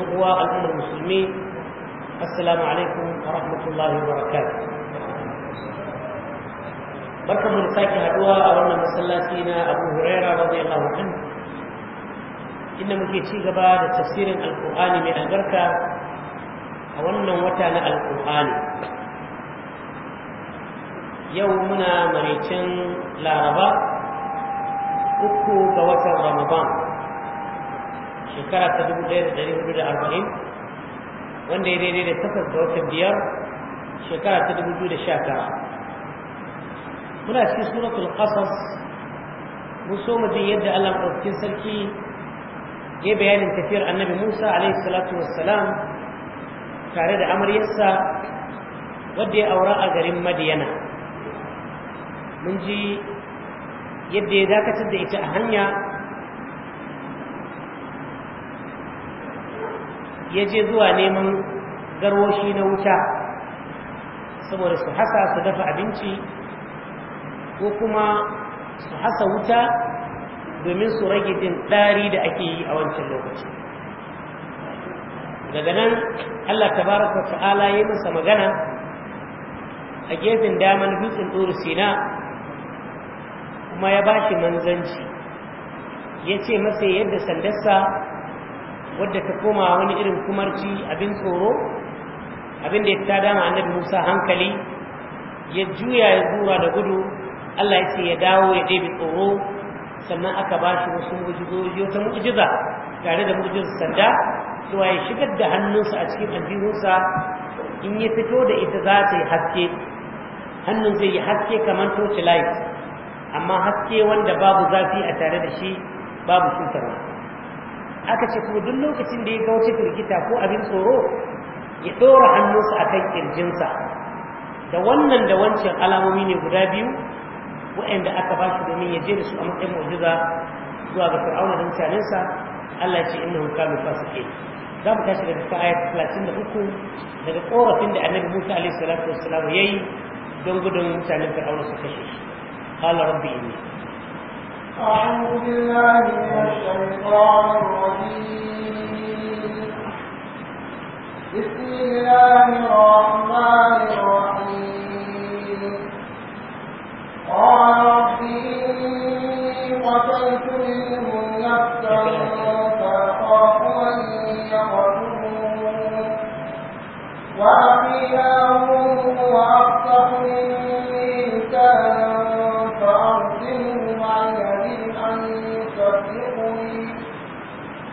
uwa al'ummar musulmi assalamu alaikum wa rahmatullahi wa barakatuh barkamu da sake haduwa a wannan masallaci na abu huraira radiyallahu anhu inda muke ci gaba da tafsirin alkur'ani mai albarka a wannan wata na alkur'ani yau muna maraicin laraba uku ga watan ramadan shekara ta dubu ɗaya da ɗari hudu da arba'in wanda ya daidai da takwas ga watan biyar shekara ta dubu biyu da sha tara muna cikin suratul qasas mun so mu jin yadda Allah ɗaukakin sarki ya bayanin tafiyar annabi Musa alaihi salatu wassalam tare da amaryarsa wadda ya aura a garin Madiyana mun ji yadda ya dakatar da ita a hanya ya je zuwa neman garwoshi na wuta saboda su hasa su dafa abinci ko kuma su hasa wuta domin su rage jin ɗari da ake yi a wancan lokaci daga nan allah tabaraka ta'ala ya masa magana a gefen daman dutsen ɗoru sina kuma ya ba shi manzanci ya ce masa yadda sandarsa wadda ta koma wani irin kumarci abin tsoro abin da ya ta dama annabi musa hankali ya juya ya zura da gudu allah ya ce ya dawo ya ɗebe tsoro sannan aka ba shi wasu mu'jizoji wata mu'jiza tare da mu'jizar sanda cewa ya shigar da hannunsa a cikin aljihunsa in ya fito da ita za ta yi haske hannun zai yi haske kamar torchlight amma haske wanda babu zafi a tare da shi babu cutarwa aka ce kuma duk lokacin da ya ga wata firgita ko abin tsoro ya ɗora hannunsa a kan kirjinsa da wannan da wancan alamomi ne guda biyu waɗanda aka ba shi domin ya je da su a matsayin mu'jiza zuwa ga fir'auna da mutanensa Allah ya ce innahu kanu fasiqin za mu tashi daga ayat 33 daga korafin da annabi Musa alaihi salatu wassalam yayi don gudun mutanen fir'auna su kashe shi qala rabbi inni أعوذ بالله من الشيطان الرجيم بسم الله الرحمن الرحيم قال قتلت منهم نفسا أن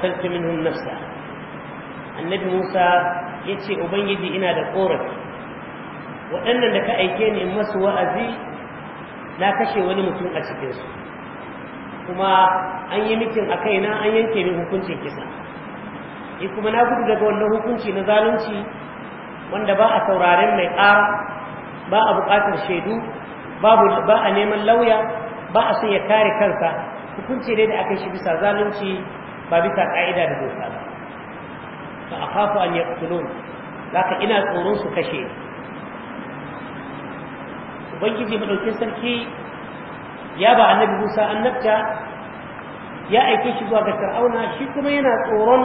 kafarta minhum nafsa annabi musa ya yace ubangiji ina da korafi waɗannan da ka aike ni in masu wa'azi na kashe wani mutum a cikinsu kuma an yi mikin a kaina an yanke ni hukuncin kisa ni kuma na gudu daga wannan hukunci na zalunci wanda ba a sauraren mai ƙara ba a buƙatar shaidu ba a neman lauya ba a sun ya kare kansa hukunci ne da aka shi bisa zalunci ba bisa ka'ida da doka ba fa akhafu an yaqtulun laka ina tsoron su kashe ubangiji madaukin sarki ya ba annabi Musa annabta ya aike shi zuwa ga Fir'auna shi kuma yana tsoron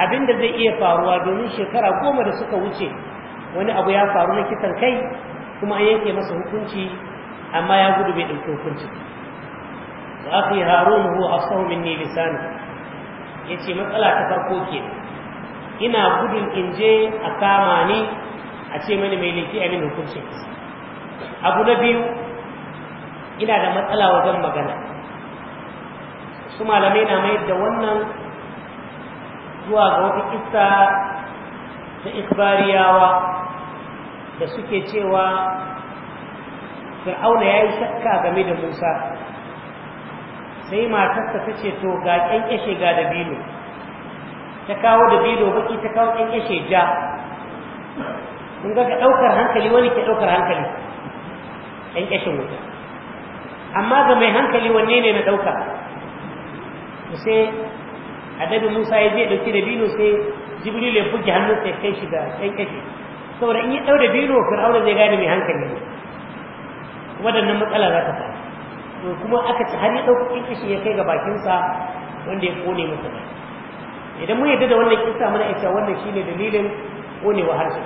abinda zai iya faruwa domin shekara goma da suka wuce wani abu ya faru na kisan kai kuma an yanke masa hukunci amma ya gudu bai dauki hukunci wa akhi harun huwa asaw minni lisani ya ce matsala ta farko ke ina gudun in je a kama ni a ce mani mai laifi a min hukuncin abu na biyu ina da matsala wajen magana su malamai na mai da wannan zuwa ga wata kista ta ikbariyawa da suke cewa fir'auna ya yi shakka game da musa sai matarsa ta ce to ga ƙyanƙyashe ga dabino ta kawo dabino baki ta kawo ƙyanƙyashe ja kun ga ka ɗaukar hankali wani ke ɗaukar hankali ƙyanƙyashin wuta amma ga mai hankali wanne ne na ɗauka sai annabi musa ya je ɗauki dabino sai jibril ya buge hannunsa ya kai shi ga ƙyanƙyashe saboda in ya ɗau dabino fir'auna zai gane mai hankali ne waɗannan matsala za ta faru to kuma aka ci har ya ɗauki kinkishi ya kai ga bakinsa wanda ya kone masa ba idan mun yadda da wannan kisa muna isa wannan shine dalilin konewa harshe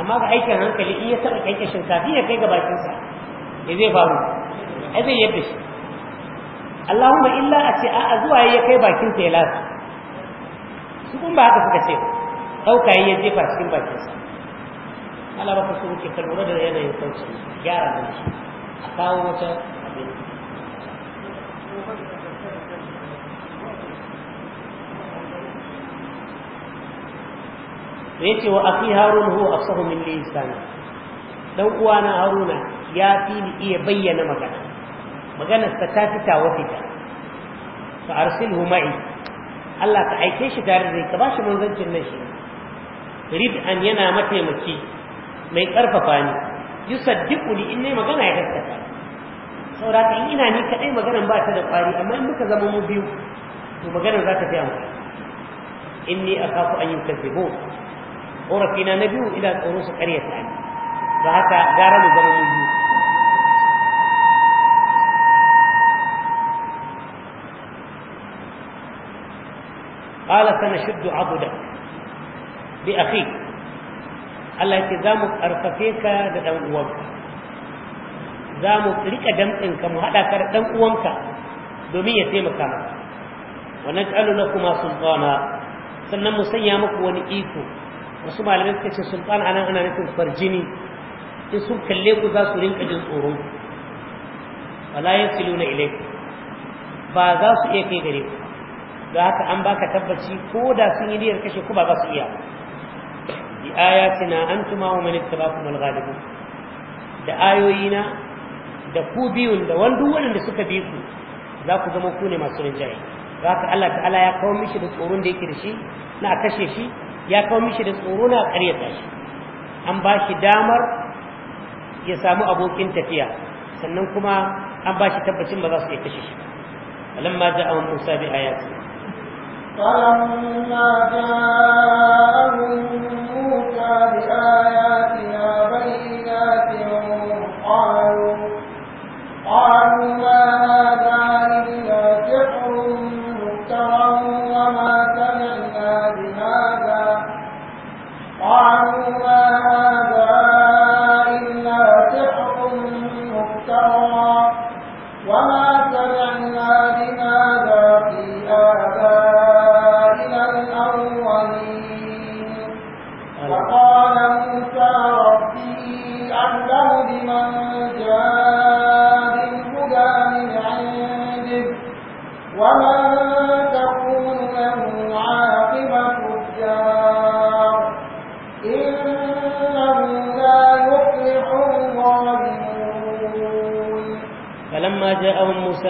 amma ga aikin hankali in ya taɓa kinkishin kafin ya kai ga bakinsa ya zai faru ai zai yadda shi Allahumma illa a ce a'a zuwa ya kai bakinsa ya lafi su kun ba haka suka ce ɗauka ya jefa cikin bakinsa Allah ba ka so ke kalmura da yanayin sauci gyara da shi a kawo wata da ce wa akhi harun huwa a sahumin lisan dan uwana haruna ya fi ni iya bayyana magana magana ta ta fita wa fita fa arsilhu ma'i Allah ka aike shi tare da ka bashi manzancin nan shi rid an yana mataimaki mai karfafa ni yusaddiqu li inni magana ya gaskata saboda haka in ina ni kaɗai maganar ba ta da ƙwari amma in muka zama mu biyu to maganar za ta fi amfani a kafu an yukazzibu ƙorafina na biyu ina tsoron su ta ne ba haka gara mu zama mu biyu da bi a fi. Allah ce za mu ƙarfafe ka da ɗan uwanka za mu rika damɗinka, mu haɗa ka da ɗan uwanka domin ya taimaka maka wannan ta'alu na kuma sultana sannan mu sanya muku wani iko wasu malamai suka ce sultana anan ana nufin farjini in sun kalle ku za su rinka jin tsoro? wala ya silo na ba za su iya kai gare ku da haka an baka tabbaci ko da sun yi niyyar kashe ku ba za su iya bi ayatina antuma wa man ittabakum al-ghalibun da ayoyina da ku biyun da wani waɗanda suka bi ku za ku zama ku ne masu rinjaye za ka Allah ta'ala ya kawo mishi da tsoron da yake da shi na a kashe shi ya kawo mishi da tsoro na a ƙaryata shi an ba shi damar ya samu abokin tafiya sannan kuma an ba shi tabbacin ba za su iya kashe shi ma فلما جاءهم ja'a mun musa bi ayati ya بينات اللهم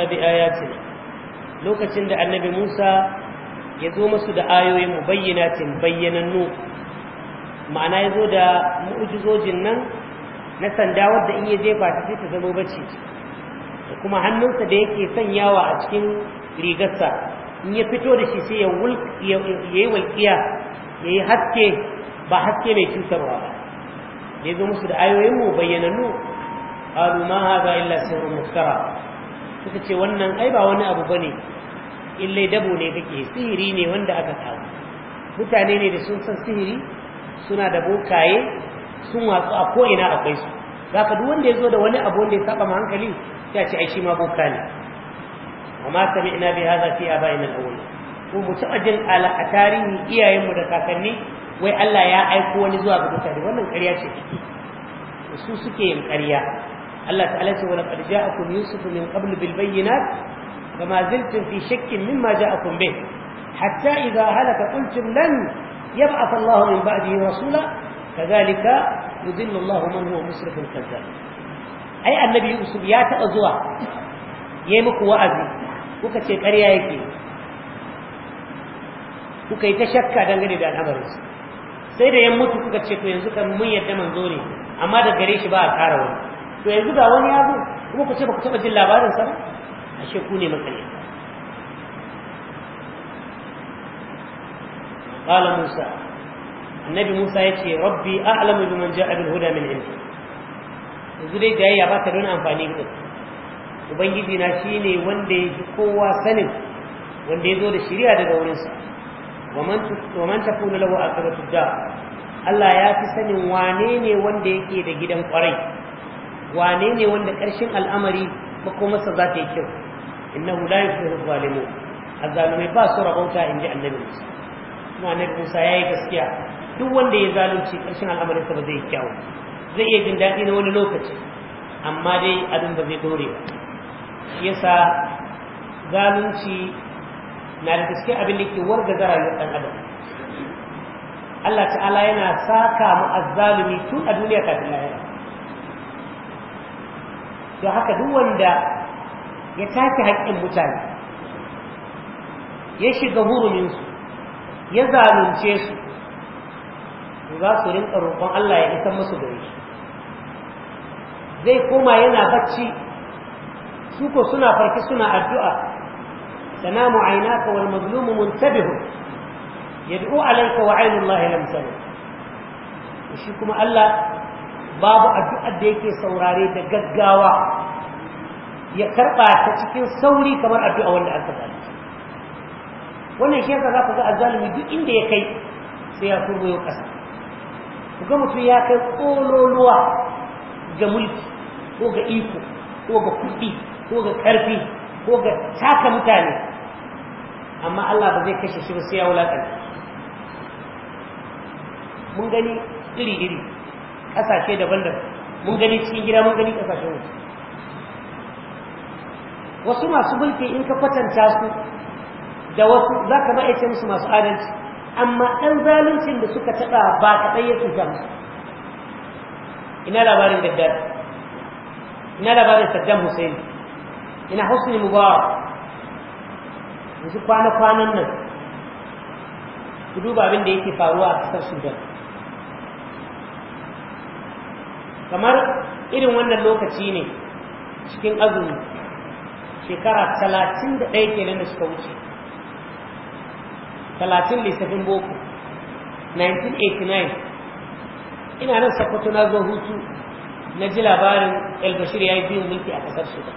bi ayatina lokacin da annabi Musa ya zo musu da ayoyi mubayyinatin bayyanannu ma'ana ya zo da mu'jizojin nan na sanda wadda in ya jefa ta sai ta zama bacci da kuma hannunsa da yake sanyawa a cikin rigarsa in ya fito da shi sai ya yi walƙiya ya yi haske ba haske mai cutarwa ba ya zo musu da ayoyin mu bayyanannu قالوا ما هذا illa سر مفترى suka ce wannan ai ba wani abu bane lai dabo ne kake sihiri ne wanda aka samu mutane ne da sun san sihiri suna da bokaye sun watsu a ko'ina akwai su za ka duk wanda ya zo da wani abu wanda ya saba ma hankali ya ce ai shi ma boka ne amma sami ina biya haza fi a bayan al'awun ko mu taɓa jin ala a tarihi iyayenmu da kakanni wai Allah ya aiko wani zuwa ga mutane wannan ƙarya ce su suke yin ƙarya Allah ta'ala ce wa laqad ja'akum yusufu min qabl bil bayyinat fama zaltum fi shakkin mimma ja'akum bih hatta idha halaka qultum lan yab'ath Allah min ba'dihi rasula kadhalika yudillu Allah man huwa musrifun kazzab ai annabi yusuf ya taba zuwa yayi muku wa'azi kuka ce ƙarya yake kuka yi ta shakka dangane da al'amarinsa sai da 'yan mutu kuka ce to yanzu kan mun yadda manzo ne amma da gare shi ba a ƙara wani to yanzu ga wani ya kuma ku ce ku taɓa jin labarin sa ashe ku ne makare qala musa annabi musa yace rabbi a'lamu biman ja'a bil huda min indi yanzu dai jayayya ba ta don amfani da ubangiji na shine wanda yake kowa sanin wanda ya zo da shari'a daga wurinsa wa man takunu lahu aqibatu da Allah ya fi sanin wane ne wanda yake da gidan kwarai wane ne wanda ƙarshen al'amari masa za ta yi kyau innahu la yuflihu zalimun azzalumai ba su rabauta in ji annabi musa kuma annabi musa ya yi gaskiya duk wanda ya zalunci ƙarshen al'amarinsa ba zai yi kyau zai iya jin daɗi na wani lokaci amma dai abin ba zai dore ba yasa zalunci na da gaske abin da ke wargaza ɗan adam Allah ta'ala yana saka mu azzalumi tun a duniya kafin lahira don haka duk wanda ya take haƙƙin mutane ya shiga huruminsu ya zalunce su za su rinka roƙon Allah ya isa musu gare zai koma yana bacci su ko suna farki suna addu'a sana ainaka wal mazlumu muntabihun yad'u alaika wa aynullahi lam shi kuma Allah babu addu'ar da yake saurare da gaggawa ya karɓa ta cikin sauri kamar addu'a wanda aka zalunci wannan shi yasa za ka ga azzalumi duk inda ya kai sai ya turbo ya ƙasa ku ga mutum ya kai ƙololuwa ga mulki ko ga iko ko ga kuɗi ko ga ƙarfi ko ga taka mutane amma Allah ba zai kashe shi ba sai ya wulaƙanta mun gani iri-iri kasashe daban-daban mun gani cikin gida mun gani ƙasashen waje wasu masu mulki in ka kwatanta su da wasu za ka ma'aice musu masu adalci amma ɗan zaluncin da suka taɓa ba kaɗai ya cuta musu ina labarin gaddafi ina labarin saddam hussein ina husni mubarak yanzu kwana-kwanan nan ku duba abin da yake faruwa a ƙasar sudan kamar irin wannan lokaci ne cikin azumi shekara talatin da ɗaya ke nan da suka wuce talatin lissafin boko 1989 ina nan sakwato na zo hutu na ji labarin elbashir ya yi biyun mulki a ƙasar sudan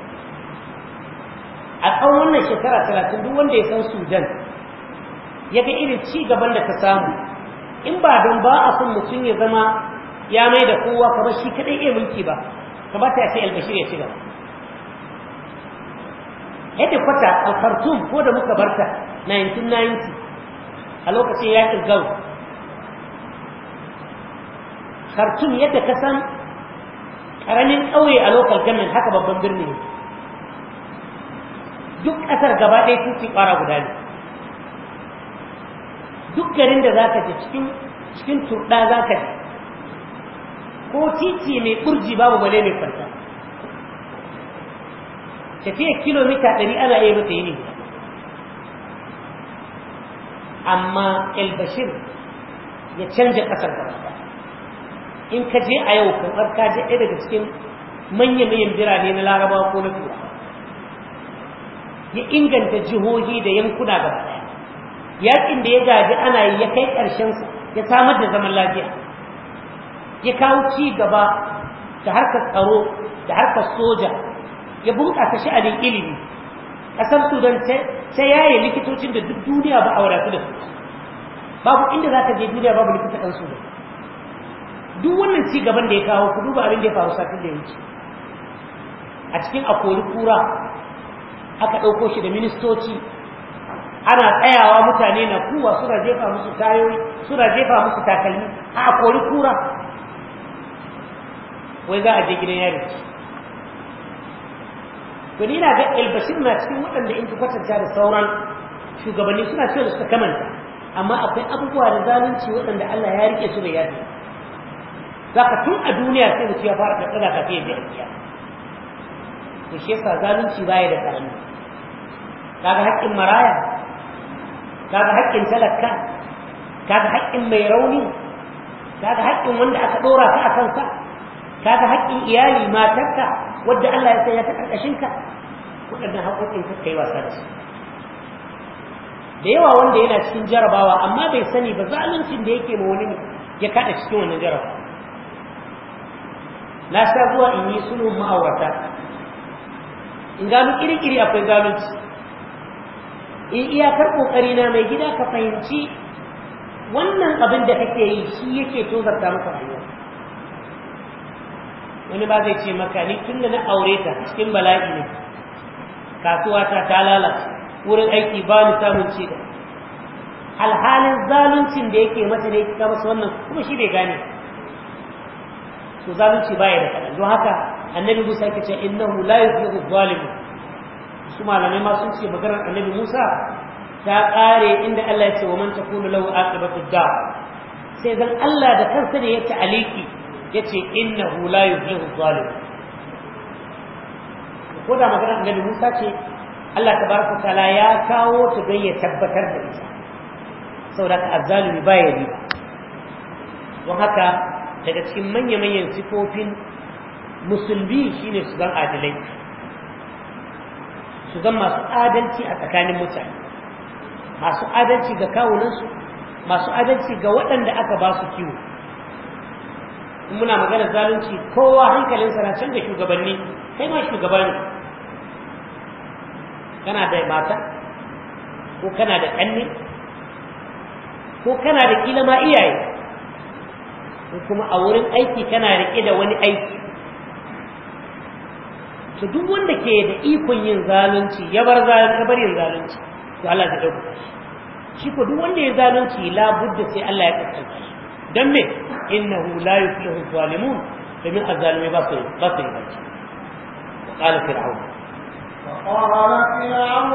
a tsawon wannan shekara talatin duk wanda ya san sudan ya ga irin ci gaban da ta samu in ba don ba a son mutum ya zama ya mai da kowa kamar shi kadai iya mulki ba kamar ya sai albashir ya ci gaba yadda kwata a khartoum ko da muka barta 1990 a lokacin yakin gau khartoum yadda ka san ƙaramin ƙauye a lokacin gamin haka babban birni ne duk ƙasar gaba ɗaya tuti ƙwara guda ne duk garin da za ka je cikin turɗa za ka je ko titi mai kurji babu bale mai kwanta tafiya kilomita ɗari ana iya mata ne amma elbashir ya canja ƙasar gaba in ka je a yau kamar ka je ɗaya daga cikin manya-manyan birane na laraba ko na tura ya inganta jihohi da yankuna gaba ɗaya yakin da ya gaji ana yi ya kai su ya samar da zaman lafiya ya kawo ci gaba da harkar tsaro da harkar soja ya bunƙasa sha'anin ilimi ƙasar sudan ta yaye likitocin da duk duniya ba a wadatu da su babu inda za ka je duniya babu likita ɗan sudan duk wannan ci gaban da ya kawo ku duba abin da ya faru satin da ya wuce a cikin akori kura aka ɗauko shi da ministoci ana tsayawa mutane na kuwa suna jefa musu tayoyi suna jefa musu takalmi a akori kura wai za a je gidan yarin to ni na ga albashir na cikin waɗanda in ki kwatanta da sauran shugabanni suna cewa da suka kamanta amma akwai abubuwa da zalunci waɗanda Allah ya rike su da yafi zaka tun a duniya sai mutum ya fara kankana kafin ya je alkiya to shi yasa zalunci baya da karami kaga haƙƙin maraya kaga haƙƙin talaka kaga haƙƙin mai rauni kaga haƙƙin wanda aka ɗora ka a kansa kaga haƙƙin iyali matarka wadda Allah ya sanya ta karkashin ka waɗannan haƙoƙin ka kai wasa da su da yawa wanda yana cikin jarabawa amma bai sani ba zaluncin da yake ma wani ne ya kada cikin wani jarabawa na sha zuwa in yi sulhun ma'aurata in gano kirkiri akwai zalunci in iyakar kokari na mai gida ka fahimci wannan abin da kake yi shi yake tozarta maka rayuwa wani ba zai ce maka ni tun da na aure ta cikin bala'i ne kasuwa ta ta wurin aiki ba ni samun ci alhalin zaluncin da yake mata ne ta masa wannan kuma shi bai gane to zalunci baya da kaɗan don haka annabi musa ke ce innahu la yuflihu zalimun su malamai ma sun ce maganar annabi musa ta ƙare inda Allah ya ce wa man takunu lahu aqibatu da sai zan Allah da kansa ne ya aliki yace innahu la yuflihu zalim ko da magana annabi Musa ce Allah tabaraka taala ya kawo ta don ya tabbatar da ita saboda ka azzalimi ba ya riba don haka daga cikin manya-manyan sifofin musulmi shine su zan adalai su zan masu adalci a tsakanin mutane masu adalci ga kawunansu masu adalci ga waɗanda aka ba su kiwo in muna magana zalunci kowa hankalinsa na canza shugabanni kai ma shugaba ne kana da mata ko kana da ƙan'ni, ko kana da kila ma iyaye ko kuma a wurin aiki kana riƙe da wani aiki to duk wanda ke da ikon yin zalunci ya bar bar yin zalunci to Allah ya dauka shi ko duk wanda ya zalunci la budda sai Allah ya kaskanta دمه إنه لا يفلح الظالمون فمن الظالم بطل بطل بطل وقال فرعون وقال فرعون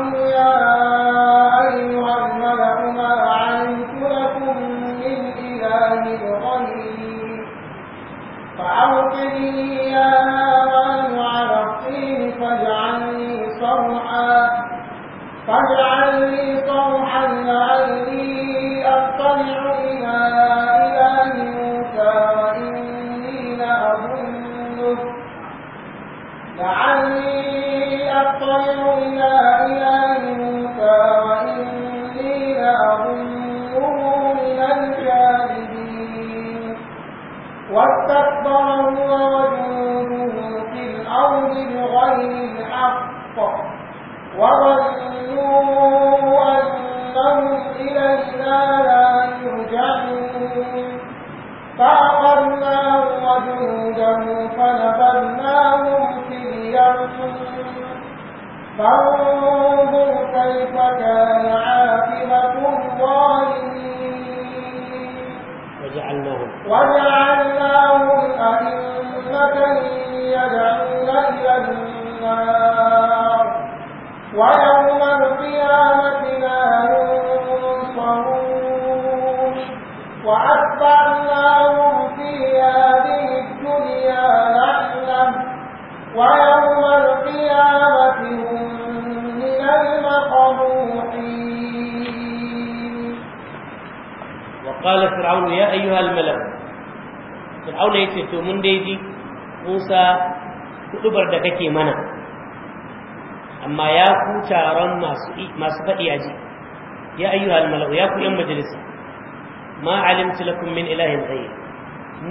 min ilahin zai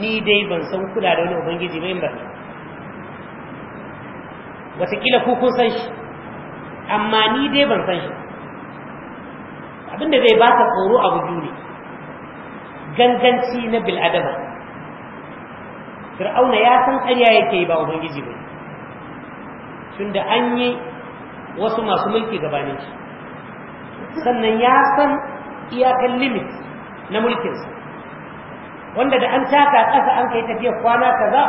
ni dai ban san kula da wani ubangiji bai ba watakila ku kun san shi amma ni dai ban san shi abinda zai baka tsoro abu biyu ne ganganci na bil'adama fir'auna ya san ƙarya yake yi ba ubangiji ba da an yi wasu masu mulki gabanin shi sannan ya san iyakan limit na mulkinsa wanda da an taka ƙasa an kai tafiya kwana kaza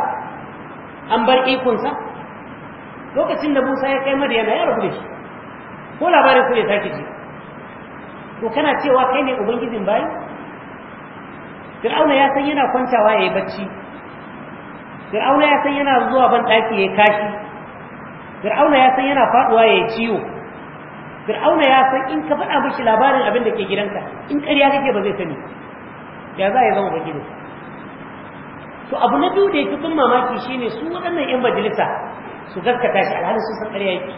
an bar ikonsa lokacin da musa ya kai madiyana ya rabu da shi ko labarin ku ya sake ji to kana cewa kai ne ubangijin bayi fir'auna ya san yana kwantawa ya yi bacci fir'auna ya san yana zuwa ban ɗaki ya kashi fir'auna ya san yana faɗuwa ya yi ciwo fir'auna ya san in ka faɗa mishi labarin abin da ke gidanka in ƙarya kake ba zai sani ya za a yi zama ubangijin to abu na biyu da ya fi bin mamaki ne su waɗannan 'yan majalisa su gaskata shi alhalin sun san ƙarya yake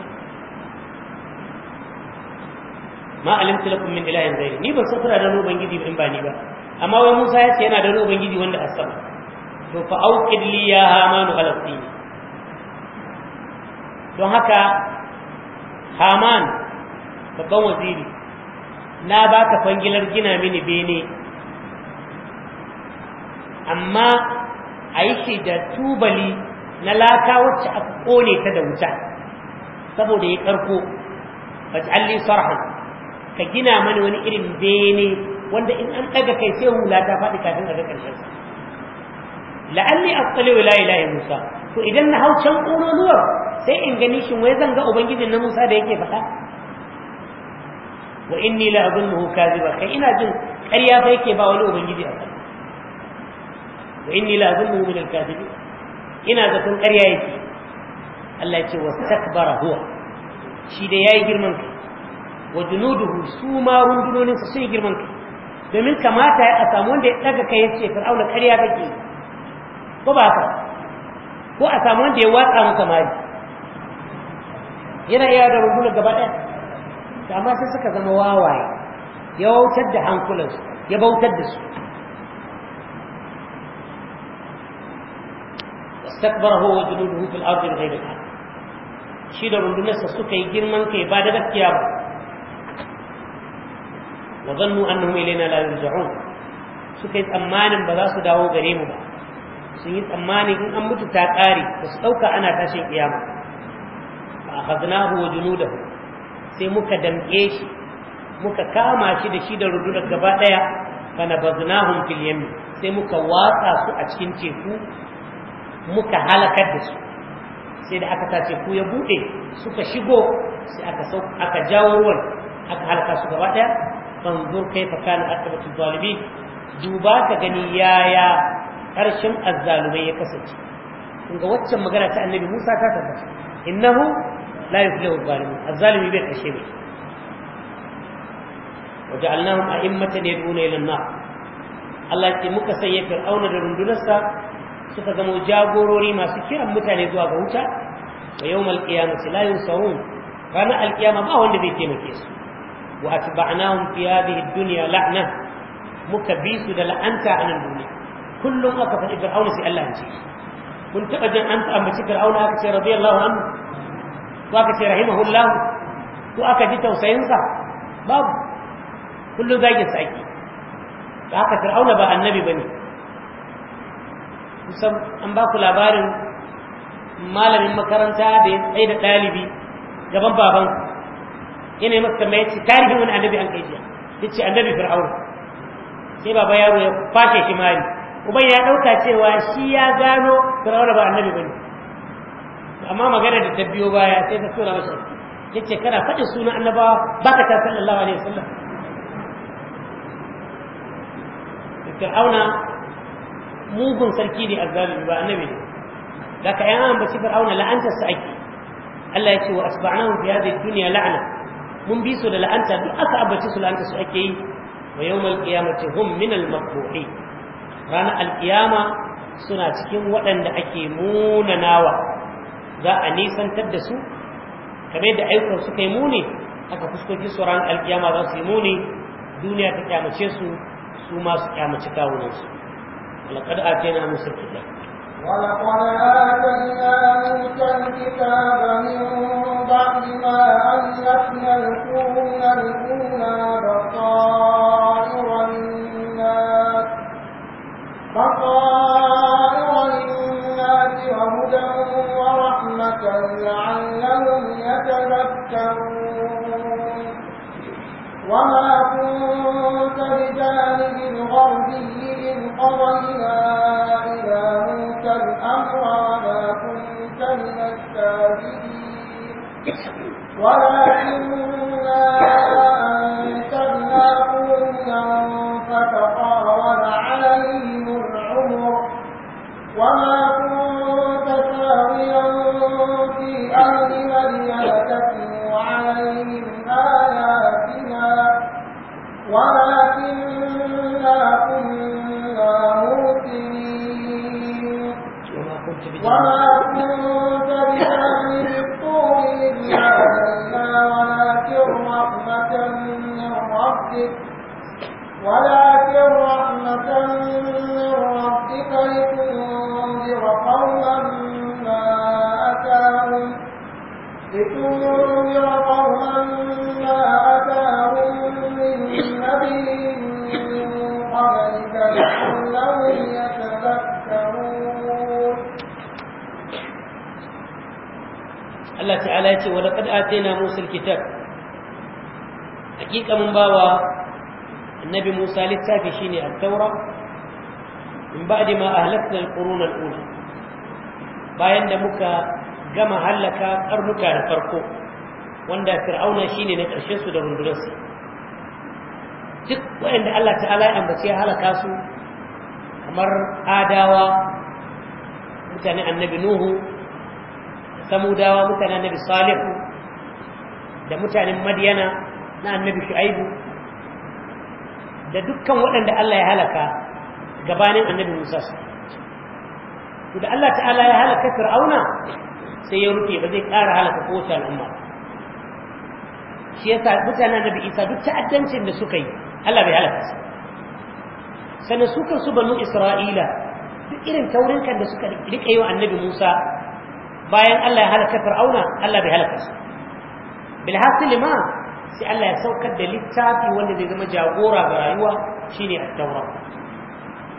ma alimtu lakum min ilayen zai ni ban san kura da ubangiji ba in ba ni ba amma wai Musa ya ce yana da gidi wanda a sama to fa auqid li ya hamanu ala don haka Haman babban waziri na baka fangilar gina mini bene amma a yi shi da tubali na laka wacce aka kone ta da wuta saboda ya karko alli sarhan ka gina mani wani irin bene wanda in an daga kai sai hula ta faɗi kafin a ga ƙarshen sa la'alli a wa layi layi musa to idan na hau can zuwa sai in gani shi. wai zan ga ubangijin na musa da yake faɗa wa inni la azunnuhu kadhiba kai ina jin ƙarya ba yake ba wani ubangiji a wa inni la azunnu min al-kadhibin ina zaton ƙarya yake Allah ya ce wa takbara huwa shi da yayi girman kai wa junuduhu su ma rundunonin su sai girman kai domin kamata a samu wanda ya daga kai yace fir'auna ƙarya kake ko ba ka ko a samu wanda ya watsa maka mali yana iya da rundunar gaba ɗaya amma sai suka zama wawaye ya wautar da hankulansu ya bautar da su istakbara huwa junuduhu fil ardi bi ghairi al shi da rundunarsa suka yi girman kai ba da gaskiya ba wa zannu annahum ilayna la yurja'un suka yi tsammanin ba za su dawo gare mu ba sun yi tsammanin in an mutu ta ƙare ba su ɗauka ana tashin kiyama fa akhadnahu wa junudahu sai muka damƙe muka kama shi da shi da rundunar gaba ɗaya fa nabaznahum fil yammi sai muka watsa su a cikin teku muka halakar da su sai da aka tace ku ya bude suka shigo sai aka jawo ruwan aka halaka su gaba daya fanzur kaifa kana akabatu zalimi duba ka gani yaya karshen azzalumai ya kasance kun ga waccan magana ta annabi Musa ta tabbata innahu la yuflihu zalimun azzalimi bai kashe bai waja'alnahum a'immatan yad'una ila an-nar Allah ya ce muka sanya fir'auna da rundunarsa suka zama jagorori masu kiran mutane zuwa ga wuta wa yawmal qiyamati la yunsarun ranar alkiyama ba wanda zai taimake su wa atba'nahum fi hadhihi ad-dunya la'na muka bi su da la'anta a nan duniya kullum aka faɗi fir'auna sai Allah ya ce kun taba jin an ambaci fir'auna aka ce radiyallahu anhu ko aka ce rahimahullah ko aka ji tausayinsa babu kullum zagin sa ake haka fir'auna ba annabi bane Kusan an ba ku labarin malamin makaranta da ya tsaye da ɗalibi gaban baban yana yi masa tambaya ce tarihin wani annabi an kaijiya jiya ya ce annabi fir'aun sai baba yaro ya fashe shi mari uban ya ɗauka cewa shi ya gano fir'aun ba annabi ba ne amma magana da ta biyo baya sai ta tura masa ya ce kana faɗin suna annabawa ba ka ta sallallahu alaihi wasallam fir'auna mugun sarki ne azzalimi ba annabi ne da ka yi an bace fir'auna la'anta sa ake Allah ya ce wa asba'nahu fi hadhihi dunya la'na mun bi su da la'anta duk aka abace su la'anta su ake yi wa yawmal qiyamati hum min al maqbuhi ranar alkiyama suna cikin waɗanda ake munanawa za a nisantar da su kamar yadda ayyukan su yi muni haka fuskokin su ranar alkiyama za su yi muni duniya ta kyamace su su ma su kyamaci su. لقد آتينا موسى الكتاب ولقد آتينا موسى الكتاب من بعد ما أهلكنا القرون الأولى بصائر للناس بصائر للناس وهدى ورحمة لعلهم يتذكرون وما كنت بجانب الغربي قضينا إلى موسى الأمر وما كنت من الشاهدين ولكننا أنشأنا قرونا فتطاول عليهم العمر وما كنت ساويا في أهل مدينة تتلو عليهم آياتنا وما ta'ala ya ce wa laqad atayna musa alkitab hakika mun bawa annabi musa littafi shine at-taura min ba'di ma ahlakna al al-ula bayan da muka gama halaka karnuka da farko wanda fir'auna shine na karshen su da su. duk wanda Allah ta'ala ya ambace halaka su kamar adawa mutane annabi nuhu samudawa mutanen annabi salihu da mutanen madiyana na annabi shu'aibu da dukkan waɗanda Allah ya halaka gabanin annabi musa to da Allah ta'ala ya halaka fir'auna sai ya rufe ba zai ƙara halaka ko kowace al'umma shi yasa mutanen annabi isa duk ta'addancin da suka yi Allah bai halaka su sannan su kansu banu isra'ila duk irin taurinkan da suka riƙe yi wa annabi musa bayan Allah ya halaka fir'auna Allah bai halaka su bil hasilima sai Allah ya saukar da littafi wanda zai zama jagora ga rayuwa shine at-taura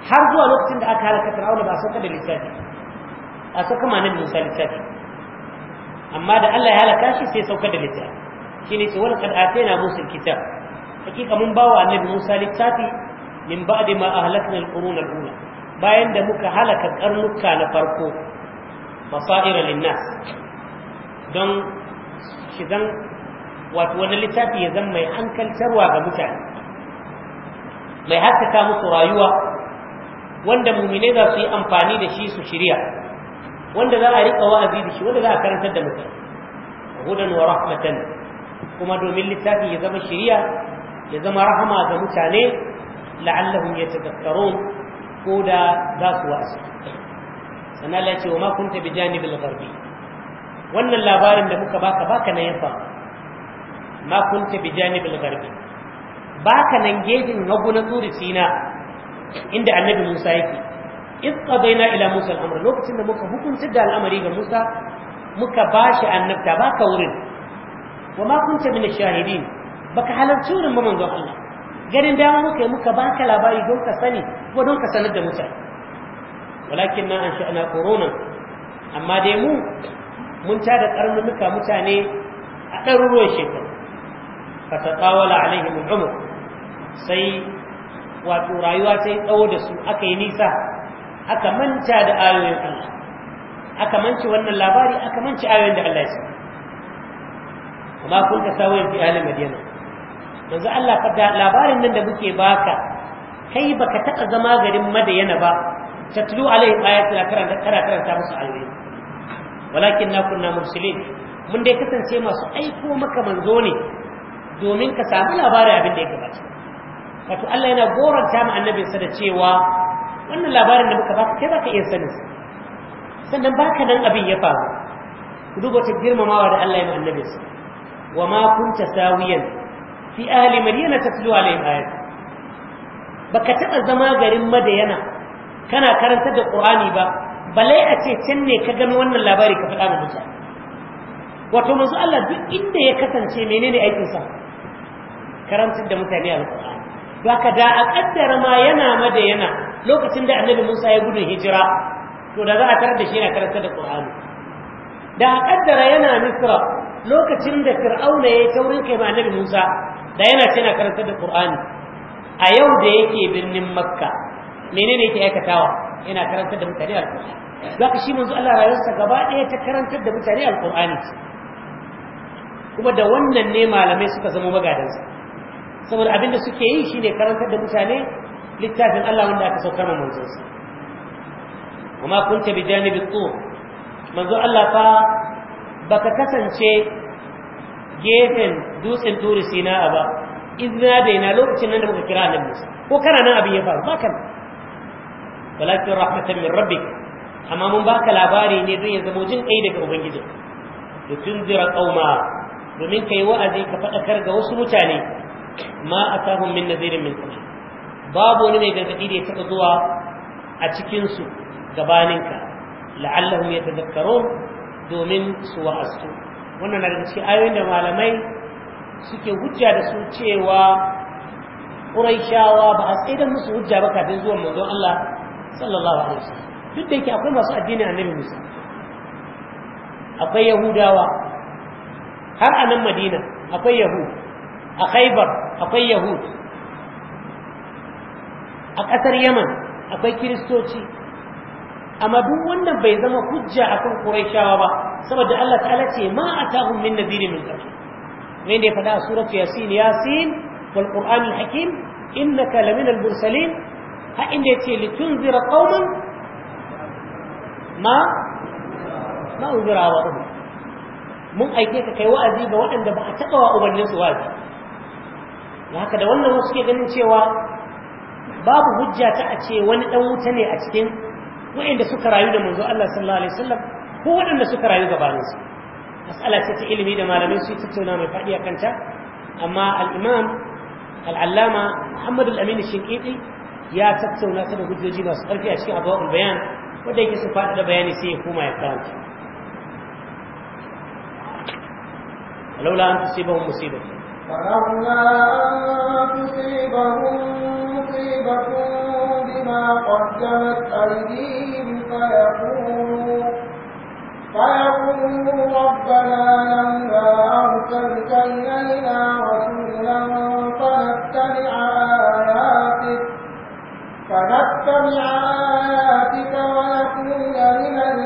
har zuwa lokacin da aka halaka fir'auna ba a saukar da littafi a saukar ma nan Musa littafi amma da Allah ya halaka shi sai saukar da littafi shine ce wala kad atayna musa kitab hakika mun bawa annabi Musa littafi min ba'di ma ahlakna al-qurun al-ula bayan da muka halaka karnuka na farko basaira linnas don shi zan wato wani littafi ya zan mai hankaltarwa ga mutane mai haskaka musu rayuwa wanda mumine za su yi amfani da shi su shirya wanda za a riƙa wa'azi da shi wanda za a karantar da mutane hudan wa rahmatan kuma domin littafi ya zama shirya ya zama rahama ga mutane la'allahum yatadhakkarun ko da za su wa'azi sannan Allah ce wa ma kunta bi janibil gharbi wannan labarin da muka baka baka na yafa faru ma kunta bi janibil gharbi baka nan gejin hagu na tsuri sina inda annabi Musa yake iz qadayna ila Musa al-amr lokacin da muka hukunta da al'amari ga Musa muka bashi annabta baka wurin wa ma kunta min ash-shahidin baka halarci wurin manzon Allah garin dama muka yi muka baka labari don ka sani ko don ka sanar da mutane walakin na an sha'ana korona amma dai mu mun ta da karnuka mutane a ruwan shekaru fa ta tsawala alaihim al'umr sai wato rayuwa sai yi tsawo da su aka yi nisa aka manta da ayoyin Allah aka manci wannan labari aka manci ayoyin da Allah ya sa amma kun ka sawo fi ahli madina manzo Allah fa labarin nan da muke baka kai baka taɓa zama garin madayana ba tatlu alaihim ayatina karanta kana karanta musu ayoyi walakin na kunna mursilin mun dai kasance masu aiko maka manzo ne domin ka samu labarin abin da ya gabata wato Allah yana goranta mu annabinsa da cewa wannan labarin da muka baka kai baka iya sanin sannan baka nan abin ya faru ku duba ta girmamawa da Allah ya mu annabinsa wa ma kunta sawiyan fi ahli madyana tatlu alaihim ayat baka taba zama garin madayana kana karantar da qur'ani ba balai a ce can ne ka gano wannan labari ka faɗa ma mutane wato manzo Allah duk inda ya kasance menene aikin sa karantar da mutane Ba ka da a kaddara ma yana mada yana lokacin da annabi Musa ya gudu hijira to da za a tarar da shi yana karantar da qur'ani da a kaddara yana misra lokacin da fir'auna ya yi taurin kai ma annabi Musa da yana cewa yana karantar da qur'ani a yau da yake birnin makka menene yake aikatawa yana karantar da mutane alqur'ani zaka shi manzo Allah rayuwarsa gaba ɗaya ta karantar da mutane alqur'ani kuma da wannan ne malamai suka zama magadansa saboda abin da suke yi shine karantar da mutane littafin Allah wanda aka saukar sa kuma kunta bi janibi tur manzo Allah fa baka kasance gefen dutsen turi sina ba da daina lokacin nan da muka kira annabi ko kana nan abin ya faru ba kana walakin rahmatan min rabbik amma mun baka labari ne don ya zama jin kai daga ubangiji da tunzira ƙauma domin yi wa'azi ka faɗakar ga wasu mutane ma asahum min nazirin min qabl babu wani mai gargadi da ya taba zuwa a cikin su gabaninka la'allahum yatadhakkarun domin su wa'azu wannan na daga ayoyin da malamai suke hujja da su cewa ƙuraishawa ba a tsaidan musu hujja ba kafin zuwan manzon Allah sallallahu alaihi wasallam duk da yake akwai masu addinin annabi Musa akwai Yahudawa har a nan Madina akwai Yahud a Khaibar akwai Yahud a ƙasar Yaman akwai Kiristoci amma duk wannan bai zama hujja akan Qurayshawa ba saboda Allah ta'ala ce ma atahum min nadirin min qabl wanda ya faɗa a suratu Yasin Yasin wal Qur'anil Hakim innaka lamina al-mursalin ha inda ya ce litun zira kauman ma ma wa ubu mun aike ka kai wa'azi ga waɗanda ba a taɓa wa ubanninsu wa'azi da haka da wannan wasu ke ganin cewa babu hujja ta a ce wani ɗan wuta ne a cikin waɗanda suka rayu da manzo Allah sallallahu alaihi wasallam ko waɗanda suka rayu gabaninsu mas'ala ce ta ilimi da malamai su tattauna mai faɗi a kanta amma al-imam al-allama Muhammad al-Amin Shinqiti ya tattauna ta da hujjoji masu ƙarfi a cikin abuwa bayan wanda yake su faɗi da bayani sai ya koma ya kawo laula an tusibahum musibatu فلولا أن تصيبهم مصيبة بما قدمت أيديهم فيقولوا فيقولوا ربنا لولا أرسلت إلينا رسولا فنتبع فنتبع آياتك ونكون من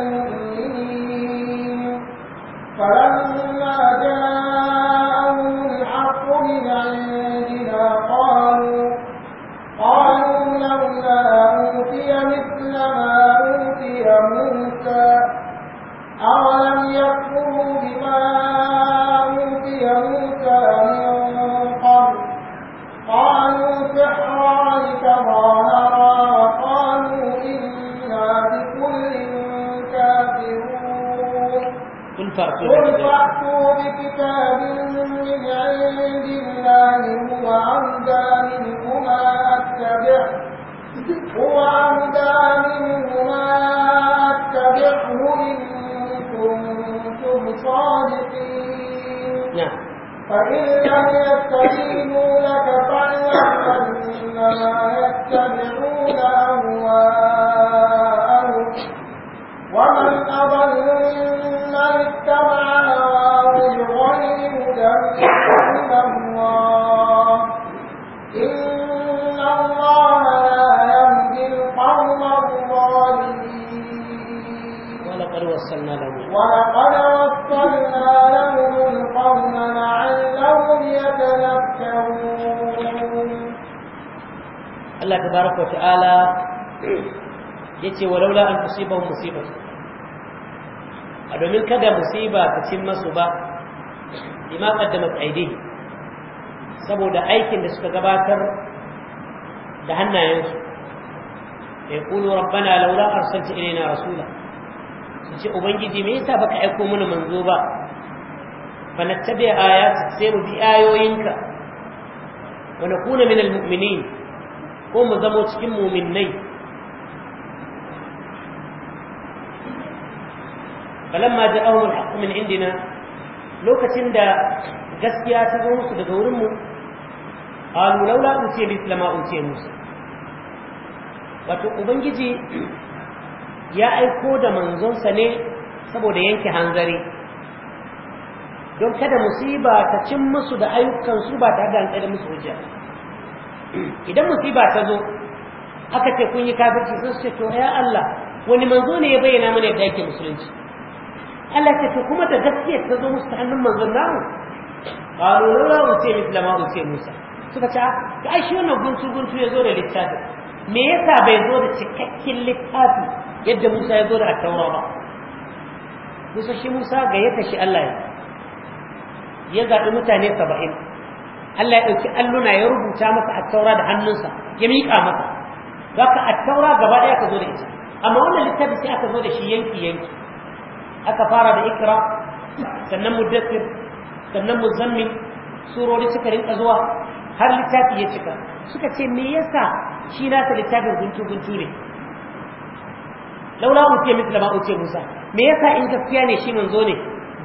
kai ba ka cin masu ba bima qaddamat aidihim saboda aikin da suka gabatar da hannayensu yaqulu rabbana laula arsalta ilaina rasula su ce ubangiji me yasa baka aiko mana manzo ba fa nattabi ayati sai mu bi ayoyinka wa nakuna minal mu'minin ko mu zamo cikin mu'minnai falamma ja'ahum al-haqqu min indina lokacin da gaskiya ta zo musu daga wurin mu qalu laula utiya mislama utiya musa wato ubangiji ya aiko da manzonsa ne saboda yanke hanzari don kada musiba ta cin musu da ayyukansu ba tare da hantsari musu hujja idan musiba ta zo aka ce kun yi kafirci sun ce to ya Allah wani manzo ne ya bayyana mana yadda yake musulunci Allah ce kuma da gaskiyar ta zo musu ta hannun manzon namu qalu la usiya musa suka ce ga ah, ai shi wannan guntu ya zo da littafi me yasa bai zo da cikakken littafi yadda musa ya zo da attaura ba musa shi musa ga ya tashi Allah ya ya zaɓi mutane saba'in Allah ya ɗauki alluna ya rubuta masa attaura da hannunsa ya miƙa masa ka attaura gaba ɗaya ka zo da ita amma wannan littafi sai aka zo da shi yanki yanki aka fara da ikra sannan muddassir sannan muzammin surori suka rinka zuwa har littafi ya cika suka ce me yasa shi nasa littafin guntu guntu ne laula utiya mithla ma utiya musa me yasa in gaskiya ne shi manzo ne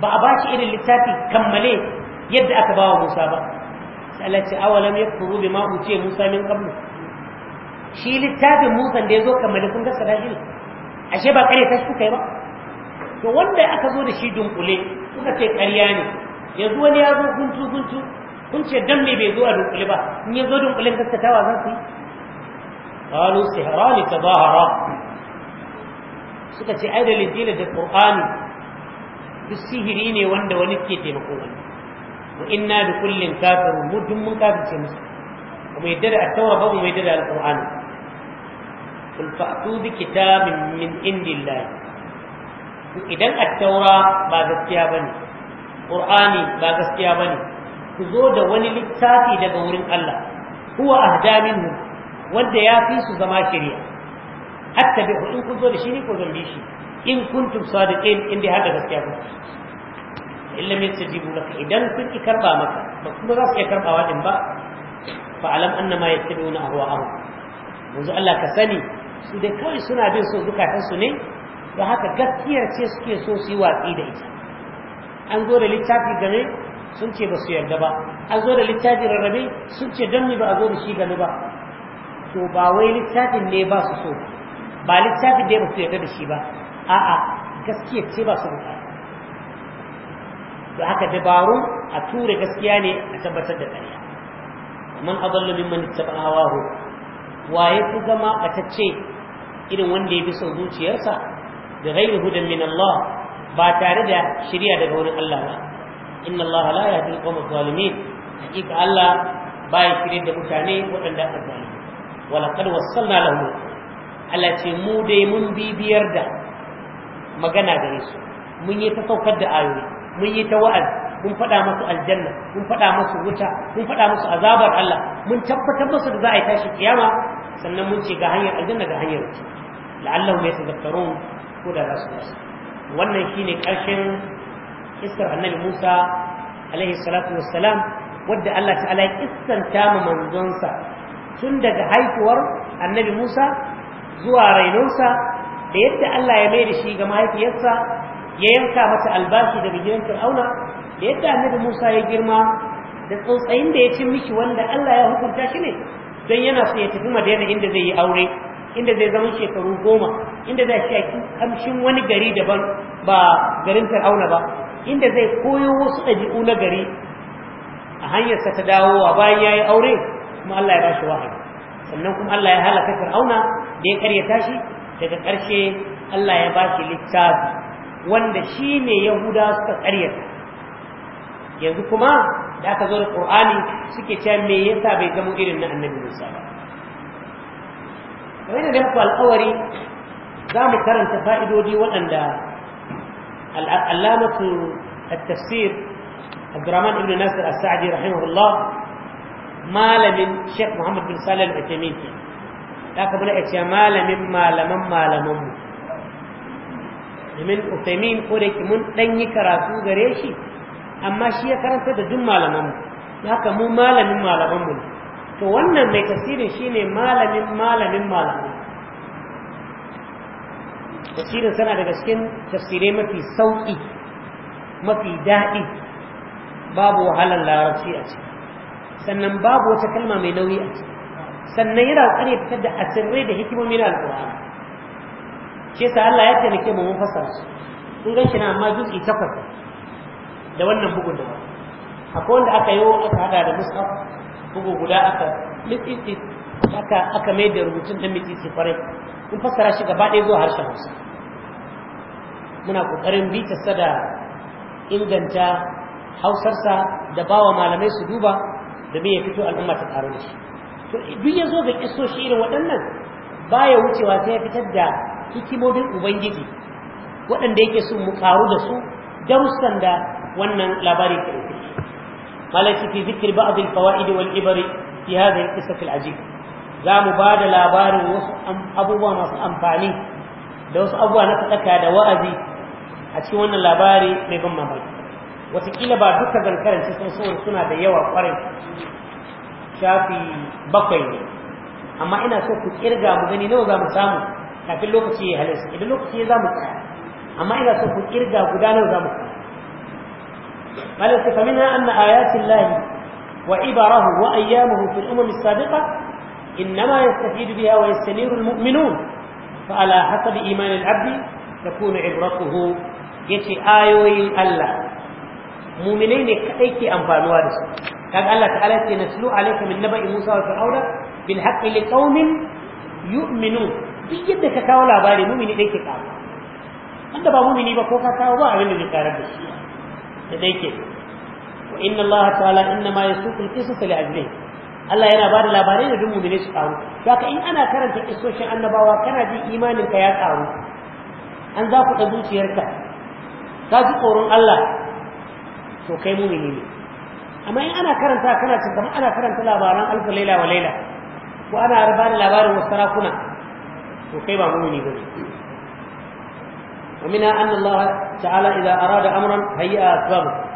ba a bashi irin littafi kammale yadda aka bawa musa ba sai Allah ce awalam yakfuru bima utiya musa min qablu shi littafin musa da yazo kammale kun ga sadashi ashe ba kare ta kai ba to wanda aka zo da shi dunkule suka ce ƙarya ne yanzu wani ya zo guntu guntu kun ce dan me bai zo a dunkule ba in ya zo dunkulen gaskatawa za su yi qalu sihrani tadahara suka ce ai da lijila da qur'ani duk sihiri ne wanda wani ke taimako wani wa inna bi kullin kafirun mu duk mun kafirce musu kuma yadda da at-tawra ba mu yadda da al-qur'ani kul fa'tu bi kitabin min indillahi idan attaura ba gaskiya bane qur'ani ba gaskiya bane ku zo da wani littafi daga wurin Allah huwa ahdamin wanda ya fi su zama shari'a bi in kun zo da shi ne ko zan bi shi in kuntum sadiqin in dai haka gaskiya ku illa min tajibu laka idan kun ki karba maka ba kuma za su iya karbawa din ba fa alam annama yattabi'una ahwa'ahum yanzu Allah ka sani su dai kawai suna bin so zukatansu ne Da haka gaskiyar ce suke so su yi watsi da ita an zo da littafi game sun ce ba su yarda ba an zo da littafi rarrabe sun ce don ni ba a zo da shi gani ba to ba wai littafin ne ba su so ba littafin ne ba su yarda da shi ba a'a gaskiyar ce ba su buka da haka dabarun a ture gaskiya ne a tabbatar da ƙarya man adallu mimman ittaba hawahu waye fi zama batacce irin wanda ya bi son zuciyarsa bi ghairi hudan min Allah ba tare da shirya daga wurin Allah ba inna Allah la yahdi al-qawma zalimin hakika Allah baya shirye da mutane waɗanda aka zalimi wa laqad wassalna lahum Allah ce mu dai mun bibiyar da magana gare su mun yi ta saukar da ayoyi mun yi ta wa'azi mun faɗa musu aljanna mun faɗa musu wuta mun faɗa musu azabar Allah mun tabbatar musu da za a yi tashi kiyama sannan mun ce ga hanyar aljanna ga hanyar wuta la'allahu yatadhakkarun ko da za su rasa wannan ne ƙarshen kissar annabi Musa alaihi salatu wassalam wadda Allah ta'ala ya kissanta ma manzonsa tun daga haihuwar annabi Musa zuwa rainonsa da yadda Allah ya mai da shi ga mahaifiyarsa ya yanka mata albashi daga gidan Fir'auna da yadda annabi Musa ya girma da tsautsayin da ya cin mishi wanda Allah ya hukunta shi ne don yana so ya tafi Madina inda zai yi aure inda zai zama shekaru goma inda zai shaki kamshin wani gari daban ba garin fir'auna ba inda zai koyo wasu ɗabi'u na gari a hanyarsa ta dawowa bayan ya yi aure kuma Allah ya ba shi wahayi sannan kuma Allah ya halaka fir'auna da ya karyata shi daga ƙarshe Allah ya ba shi littafi wanda shi ne yahuda suka karyata yanzu kuma da aka zo da ƙur'ani suke cewa me yasa bai zama irin na annabi musa ba وين اللي هو القوري دام كرنت فائد ودي وأن علامة التفسير عبد الرحمن بن ناصر السعدي رحمه الله مال من شيخ محمد بن سالم العثيمين لا قبل اتيا مال من مال من مال من من عثيمين كوريك من دنيا كراسو غريشي أما شيء كرنت دون مال من لا قبل مال من مال من, مال من, مال من, مال من, مال من, مال من to wannan mai tasirin shine malamin malamin malamin Tasirin sana daga cikin tasirai mafi sauƙi mafi daɗi babu wahalar larabci a ciki sannan babu wata kalma mai nauyi a ciki sannan yana ƙare fitar da asirrai da hikimomin alƙur'ani ce sa Allah ya taimake mu mun fasara kun gan shi na amma juz'i takwas da wannan bugun da akwai wanda aka yi aka hada da mus'ab bugu guda aka mitsitsi aka aka mai da rubutun da mitsitsi kwarai mun fassara shi gaba ɗaya zuwa harshen Hausa muna kokarin bita sada inganta Hausarsa da bawa malamai su duba da me ya fito al'umma ta karu da shi to duk ya zo ga kisoshi irin waɗannan baya wucewa sai ya fitar da hikimomin ubangiji waɗanda yake so mu karu da su darussan da wannan labari ke قالت في ذكر بعض الفوائد والعبر في هذه القصة العجيبة za mu ba da labarin wasu abubuwa masu amfani da wasu a na sadaka da wa'azi a cikin wannan labari mai ban mamaki watakila ba duka zankaranci sun so suna da yawa kwarai shafi bakwai ne amma ina so ku kirga mu gani nawa za mu samu kafin lokaci ya halis ina so ku guda nawa za mu قال فمنها أن آيات الله وعبره وأيامه في الأمم السابقة إنما يستفيد بها ويستنير المؤمنون فعلى حسب إيمان العبد تكون عبرته يتي آيوي الله مؤمنين كأيك أنفان وارس كان الله تعالى نسلو عليك من نبأ موسى وفرعون بالحق لقوم يؤمنون بيد كتاولا باري مؤمن إليك كاولا أنت با مؤمني بكوكا كاولا وعلم بكارب السيئة da dai ke wa inna Allah ta'ala inna ma yasuqul qisas li ajli Allah yana bada labarai da dukkan ne su karu haka in ana karanta kissoshin annabawa kana ji imanin ka ya karu an za ku da zuciyarka ka ji tsoron Allah to kai mumini ne amma in ana karanta kana cin kamar ana karanta labaran alfa laila wa laila ko ana bada labarin wasu sarakuna to kai ba mumini bane ومنها أن الله تعالى إذا أراد أمرا هيئ أسبابه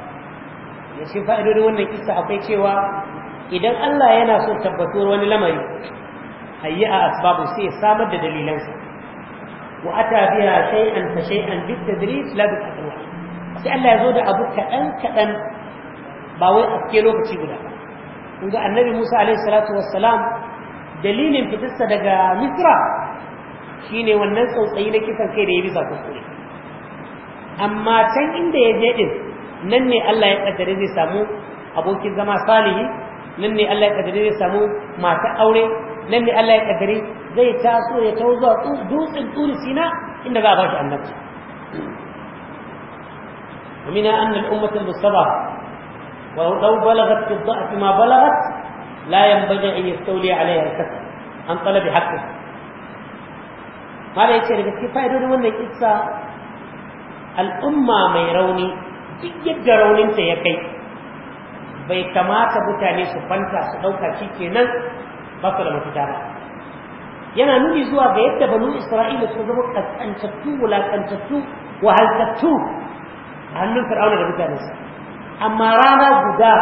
cikin fa'idodin wannan isa akwai cewa idan Allah yana so tabbatuwar wani lamari hayya a asbabu sai ya samar da dalilansa wa ata biya shay'an fa shay'an bi tadris la bi taqwa sai Allah ya zo da abu kaɗan kaɗan ba wai a lokaci guda ba annabi Musa alaihi salatu dalilin fitarsa daga Misra shine wannan tsautsayi na kisan kai da ya bisa kuskure amma can inda ya je din nan ne Allah ya kaddare zai samu abokin zama salihi nan ne Allah ya kaddare zai samu mata aure nan ne Allah ya kaddare zai taso ya tawo zuwa dutsen turi sina inda za a bashi annabci ومن أن الأمة المصطفى ولو بلغت في الضعف ما بلغت لا ينبغي أن يستولي عليها الكسر عن طلب حقه ما لا يتشارك كيف يدون من الإنسان al'umma mai rauni duk yadda rauninta ya kai bai kamata mutane su kwanta su ɗauka shi nan ba su da mafita ba yana nuni zuwa ga yadda banu isra'ila su zama kaskantattu wulakantattu wahaltattu a hannun fir'auna da mutanensa amma rana guda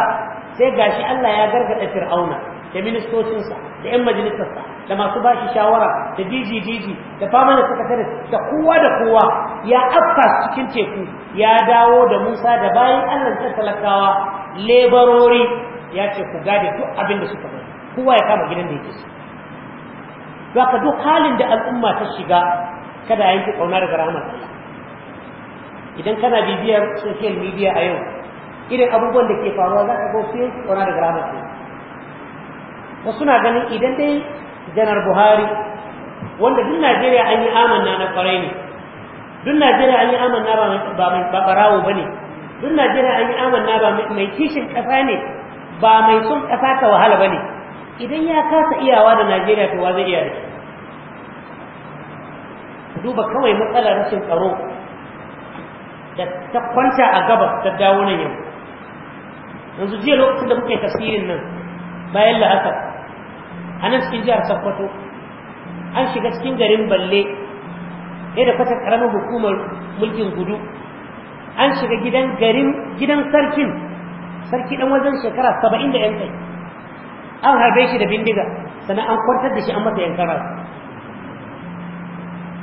sai gashi allah ya gargaɗa fir'auna da ministocinsa da 'yan majalisarsa da masu ba shi shawara da diji-diji da famanin sakatare da kowa da kowa ya afka cikin teku ya dawo da musa da bayan allah ta talakawa lebarori ya ce ku gade duk abin da suka bari kowa ya kama gidan da yake su ka duk halin da al'umma ta shiga kada a yanki ƙauna daga rahama idan kana bibiyar social media a yau irin abubuwan da ke faruwa za ka ga su kauna ƙauna daga rahmar ba suna ganin idan dai janar buhari wanda duk najeriya an yi amanna na kwarai ne duk najeriya an yi amanna ba barawo ba ne duk najeriya an yi amanna ba mai kishin ƙasa ne ba mai son ƙasa ta wahala ba ne idan ya kasa iyawa da najeriya to wa zai iya da shi duba kawai matsalar rashin tsaro da ta kwanta a gabas ta dawo nan yau yanzu jiya lokacin da muke tasirin nan bayan la'asar a nan cikin jihar Sokoto an shiga cikin garin Balle ɗaya da kwata ƙaramin hukumar mulkin gudu an shiga gidan garin gidan sarkin sarki ɗan wajen shekara saba'in da yankai an harbe shi da bindiga sannan an kwantar da shi an masa yankara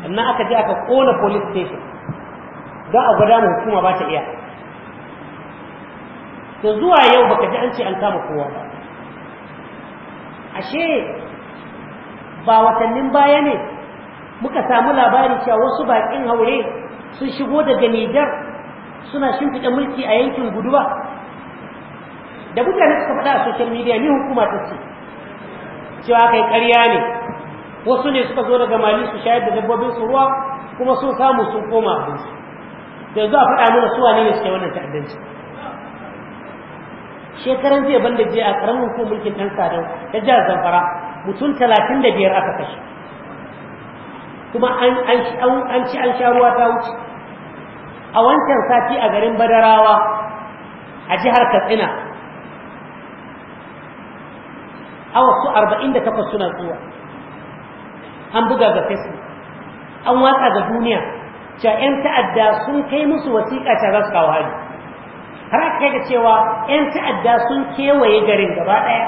sannan aka je aka kona police station don a gwada mu hukuma ba ta iya to zuwa yau baka ji an ce an kama kowa ba ashe ba watannin baya ne muka samu labari cewa wasu baƙin haure sun shigo daga Nijar suna shimfiɗa mulki a yankin guduwa da mutane suka faɗa a social media ni hukuma ta ce cewa kai ƙarya ne wasu ne suka zo daga mali su shayar da dabbobin su ruwa kuma sun samu sun koma abinsu yanzu a faɗa mana suwa ne ne suke wannan ta'addanci shekaran zai banda jiya a karamin ko mulkin ɗan sadau da jihar zamfara mutum talatin da biyar aka kashe kuma an ci an sha ruwa ta wuce a wancan sati a garin badarawa a jihar katsina awa su arba'in da takwas suna zuwa an buga ga facebook an watsa ga duniya cewa 'yan ta'adda sun kai musu wasiƙa ta za su kawo hali. har aka kai ga cewa 'yan ta'adda sun kewaye garin gaba ɗaya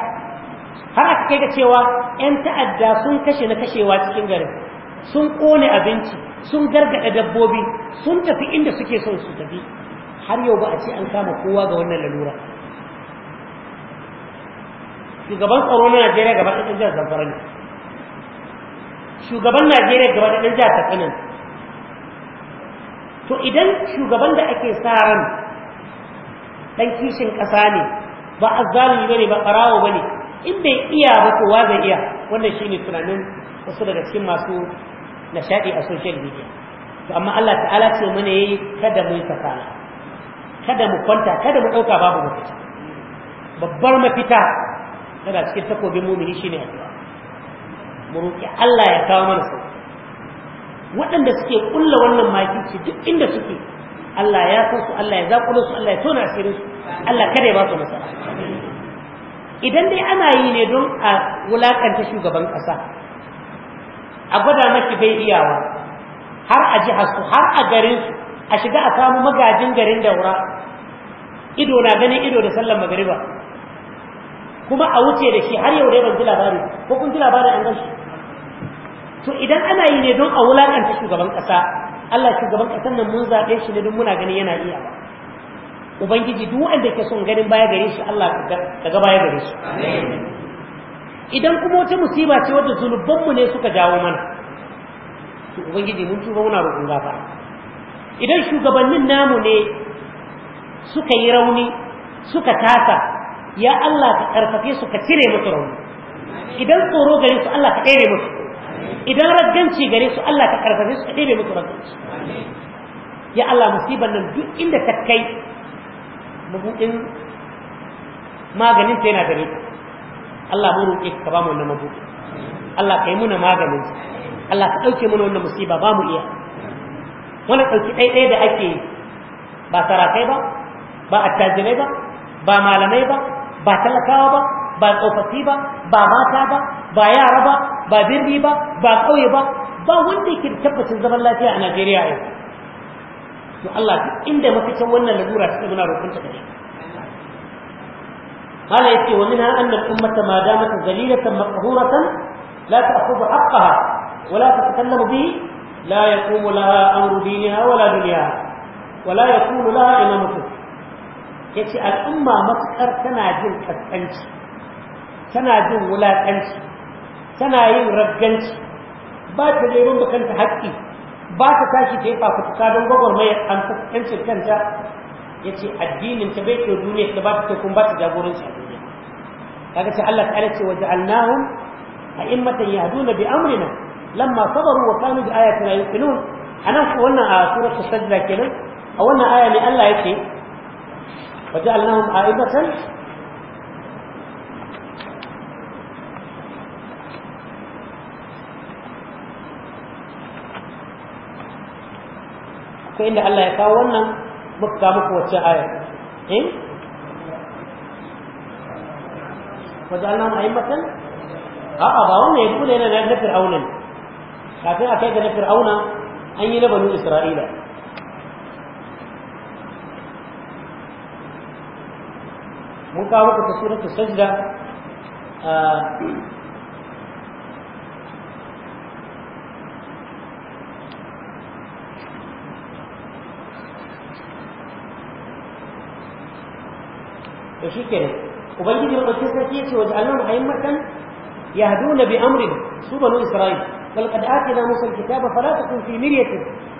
har aka kai ga cewa 'yan ta'adda sun kashe na kashewa cikin garin sun ƙone abinci sun gargaɗa dabbobi sun tafi inda suke son su tafi har yau ba a ce an kama kowa ga wannan lalura shugaban tsaro na najeriya gaba ɗan ja zamfara shugaban najeriya gaba ɗan jihar katsina to idan shugaban da ake saran dan kishin ƙasa ne ba azzalimi bane ba ƙarawo bane in bai iya ba kowa zai iya wannan shine tunanin wasu daga cikin masu nashadi a social media to amma Allah ta'ala ce mana yayi kada mu yi kasala kada mu kwanta kada mu dauka babu mafita babbar mafita daga cikin takobin mumini shine addu'a mu roki Allah ya kawo mana sauki waɗanda suke kulla wannan makici duk inda suke Allah ya san su Allah ya zakulo su Allah ya tona asirin su Allah kada ya ba su nasara idan dai ana yi ne don a wulakanta shugaban ƙasa a gwada maki bai iyawa har a jihar su har a garin su a shiga a samu magajin garin daura ido na ganin ido da sallan magariba kuma a wuce da shi har yau dai ban ji labari ko kun ji labarin an gashi to idan ana yi ne don a wulakanta shugaban ƙasa Allah shugaban ƙasar nan mun zaɓe shi ne don muna ganin yana iya ba ubangiji duk wanda ke son ganin baya gare shi Allah ka ga baya gare shi idan kuma wata musiba ce wadda zunubanmu ne suka jawo mana to ubangiji mun tuba muna roƙon gafara idan shugabannin namu ne suka yi rauni suka tasa ya Allah ka karfafe su ka cire musu rauni idan tsoro gare su Allah ka ɗere musu idan ragganci gare su Allah ka karfafe su ɗebe musu ragganci ya Allah musibar nan duk inda ta kai mabuɗin maganin ta yana gare ku Allah mu roƙe ka ba mu wannan mabuɗi Allah ka yi muna maganin Allah ka ɗauke muna wannan musiba ba mu iya wani ɗauki ɗaiɗaya da ake ba sarakai ba ba attajirai ba ba malamai ba ba talakawa ba ba tsofaffi ba ba mata ba ba yara ba ba birni ba ba ƙauye ba ba wanda yake da tabbacin zaman lafiya a Najeriya yau to Allah duk inda mafitan wannan lalura ta muna roƙon ta gare Allah yake wa minha annal ummata ma damat zalilatan maqhuratan la ta'khudhu haqqaha wa la tatakallamu bihi la yaqumu laha amru diniha wa la dunyaha wa la yakunu laha imamatun yace al'umma matukar tana jin kaskanci tana jin wulakanci tana yin ragganci ba ta neman bakanta haƙƙi ba ta tashi ta yi fafutuka don gwagwarmayar an fuskancin kanta ya ce addinin ta bai ke duniya ta ba ta tekun ba ta jagoranci a duniya kaga ce Allah ta'ala ce in ja'alnahum ya yahduna bi amrina lamma sabaru wa kanu bi ayatina yuqinun anan wannan a suratul sajda kenan a wannan aya ne Allah yake wa ja'alnahum a'immatan akwai inda Allah ya kawo wannan muka ga muku wacce aya wajen eh wajalna yi ayyukan a'a ba wannan ya bude na na fir'auna kafin a kai ga na fir'auna an yi na banu isra'ila mun kawo muku ta suratul sajda ah, وشي فشكه وبل دي ربك تسكي تيوز ألهم أئمة يهدون بأمره بنو إسرائيل ولقد اتينا موسى الكتاب فلا تكن في مرية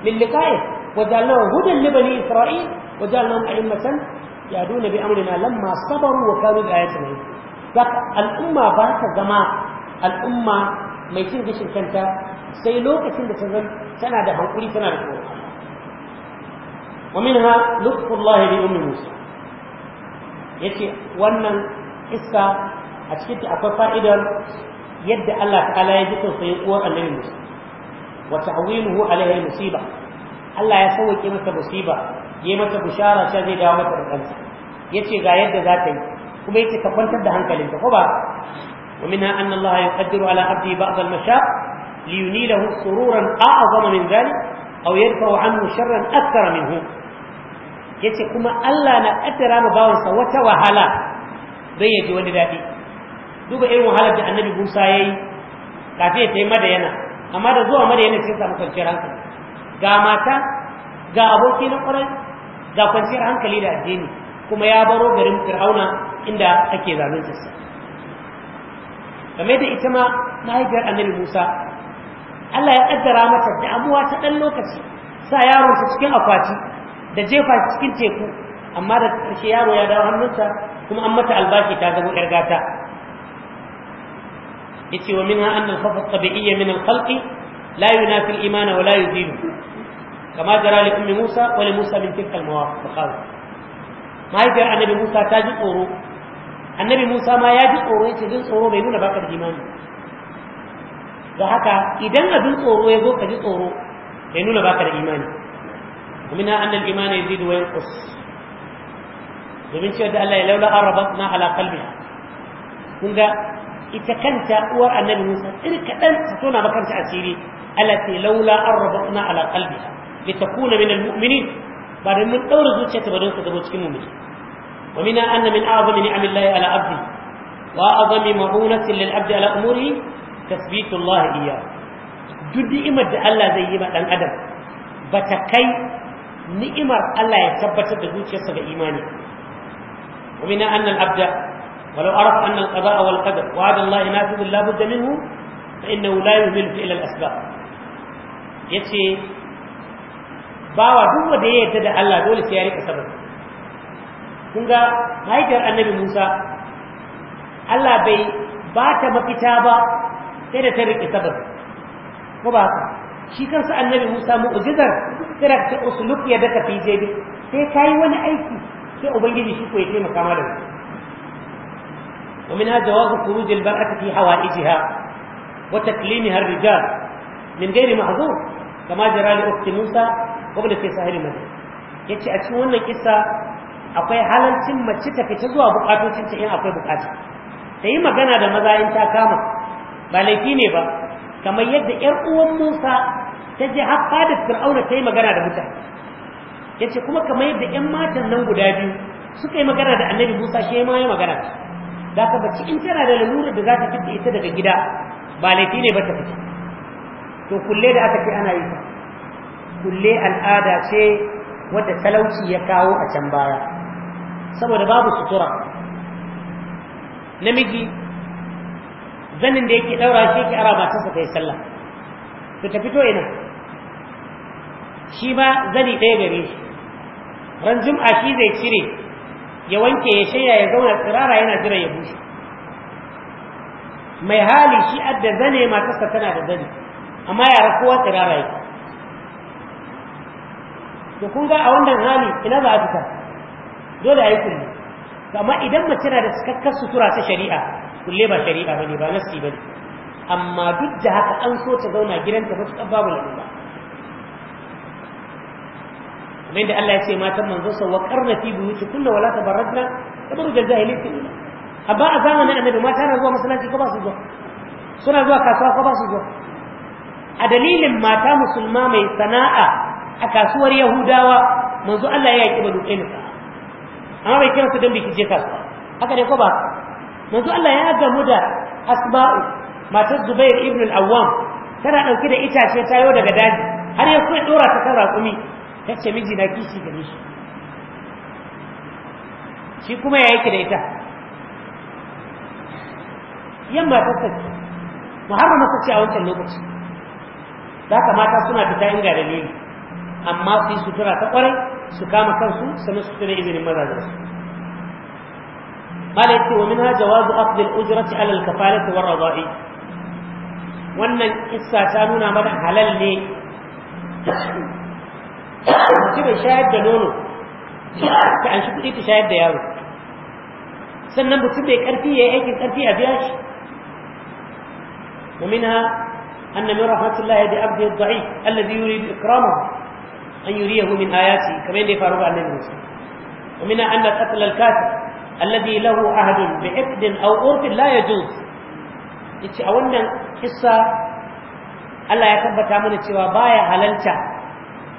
من لقائه وجعلناه هدى لبني إسرائيل وجعلناهم أئمة يهدون بأمرنا لما صبروا وكانوا بآياتنا الأمة بعد الزماء الأمة ما يتنجي شركانتا سيلوك سنة سنة سنة دهو قولي سنة دهو ومنها لطف الله بأم موسى yace wannan iska a cikin ta akwai fa'idar yadda Allah ta'ala ya ji tausayin uwar annabi Musa wa ta'wiluhu alaiha musiba Allah ya sauke masa musiba ya masa bishara cewa zai dawo mata da kansa yace ga yadda za ta yi kuma yace ka kwantar da hankalinka ko ba wa anna ومنها أن ala abdi ba'd al-mashaq li yunilahu sururan a'zama min ذلك aw yarfa'u anhu sharran أكثر minhu Ya ce kuma Allah na kaddara ma bawansa wata wahala don yaji wani daɗi duba irin wahalar da annabi Musa ya yi kafin ya tayi madayana amma da zuwa madayana sai samu kwanciyar hankali ga mata ga aboki na ƙwarai ga kwanciyar hankali da addini kuma ya baro garin fir'auna inda ake zalunta sa game da ita ma mahaifiyar annabi Musa Allah ya kaddara mata damuwa ta ɗan lokaci sa yaronsa cikin akwati da jefa cikin teku amma da ƙarshe yaro ya dawo hannunsa kuma an mata albashi ta zama yar gata yace wa minha anna al-khawf at-tabi'iyya min al-khalqi la yunafi al-iman wa la yuzilu kama jara li ummi Musa wa li Musa min tilka al-mawaqif yaji annabi Musa ta ji tsoro annabi Musa ma ya ji tsoro yace jin tsoro bai nuna baka da imani da haka idan abin tsoro ya zo ka ji tsoro bai nuna baka da imani ومنها أن الإيمان يزيد وينقص domin cewa da Allah ya laula an rabatna ala qalbiha kun ga ita kanta uwar annabi Musa ir kadan ta tona kanta asiri Allah ce laula an rabatna ala qalbiha litakuna min almu'minin ba da mun daura zuciya ta barin ka zama cikin mu'mini wa mina anna min a'zami ala 'abdi wa a'zami ma'unati 'abdi ala umuri tathbitu Allah duk ni'imar da Allah zai yi ma dan adam bata kai ni'imar Allah ya tabbatar da zuciyarsa ga imani ومن أن العبد ولو عرف أن القضاء والقدر وعد الله نافذ لا بد منه فإنه لا يهمل إلى الأسباب yace bawa duk wanda ya yarda da Allah dole sai ya rika sabar kun ga mahaifiyar annabi Musa Allah bai ba ta mafita ba sai da ta rike sabar ko ba shi kansa annabi musa mu'ujizar tana ta usuluk ya daka fi jebi sai kai wani aiki sai ubangiji shi ko ya taimaka ma da shi ومنها جواز خروج المرأة في حوائجها وتكليمها الرجال من غير محظور كما جرى لأخت موسى وابنة سهل مدينة yace a cikin wannan kissa akwai halancin mace ta fita zuwa bukatocinta in akwai bukata ta yi magana da maza in ta kama ba laifi ne ba kamar yadda ƴar uwan Musa ta je har da Fir'auna ta yi magana da mutane yace kuma kamar yadda 'yan matan nan guda biyu suka yi magana da Annabi Musa shi ma ya magana da ka bace in tana da lalurar da za ta fita ita daga gida ba laifi ne ba ta fita to kulle da aka ce ana yi ta kulle al'ada ce wadda talauci ya kawo a can baya saboda babu sutura namiji zanin da yake daura shi ke ara ta saka yi sallah to ta fito ina shi ba zani ɗaya gare shi ran jum'a shi zai cire ya wanke ya shaya ya zauna tsirara yana jira ya bushe mai hali shi adda zane matarsa tana da zani amma yara kowa tsirara yake to kun ga a wannan hali ina za a fita dole a yi kulli amma idan mace na da cikakkar sutura ta shari'a kulle ba shari'a ba ne ba nasi ba ne amma duk da haka an so ta zauna gidanta matuƙar babu lalura kuma inda Allah ya ce matan manzo sa wa karna fi buyuti kunna wala tabarrajna tabarruj al-jahiliyyah ula abba a zamanin annabi mata na zuwa masallaci ko ba su zuwa suna zuwa kasuwa ko ba su zuwa a dalilin mata musulma mai sana'a a kasuwar yahudawa manzo Allah ya ba badukai ne amma bai kira su dan biki je kasuwa haka ne ko ba yanzu Allah ya gamu da asba'u matar zubair ibn al-awwam tana dauke da itace ta tayo daga daji har ya kuma dora ta kan raƙumi tace miji na kishi gare shi shi kuma ya yake da ita yamma ta saki muharram ta ce a wancan lokaci da kamata suna fita inga da amma su yi sutura ta kwarai su kama kansu sannan sutura izinin su. قالت ومنها جواز أخذ الأجرة على الكفالة والرضاء وأن إسا تانونا مدى حلال لي كيف يشاهد دلونه كأن شكو إيه تشاهد دياره سنن بكتب لك أرفي يا إيكي أرفي أبياش ومنها أن من رحمة الله يدي عبده الضعيف الذي يريد إكرامه أن يريه من آياته كما يلي فاروق عن النبي ومنها أن قتل الكاتب alladhi lahu ahdun bi iqdin aw urfin la yajuz yace a wannan kissa Allah ya tabbata mana cewa baya halalta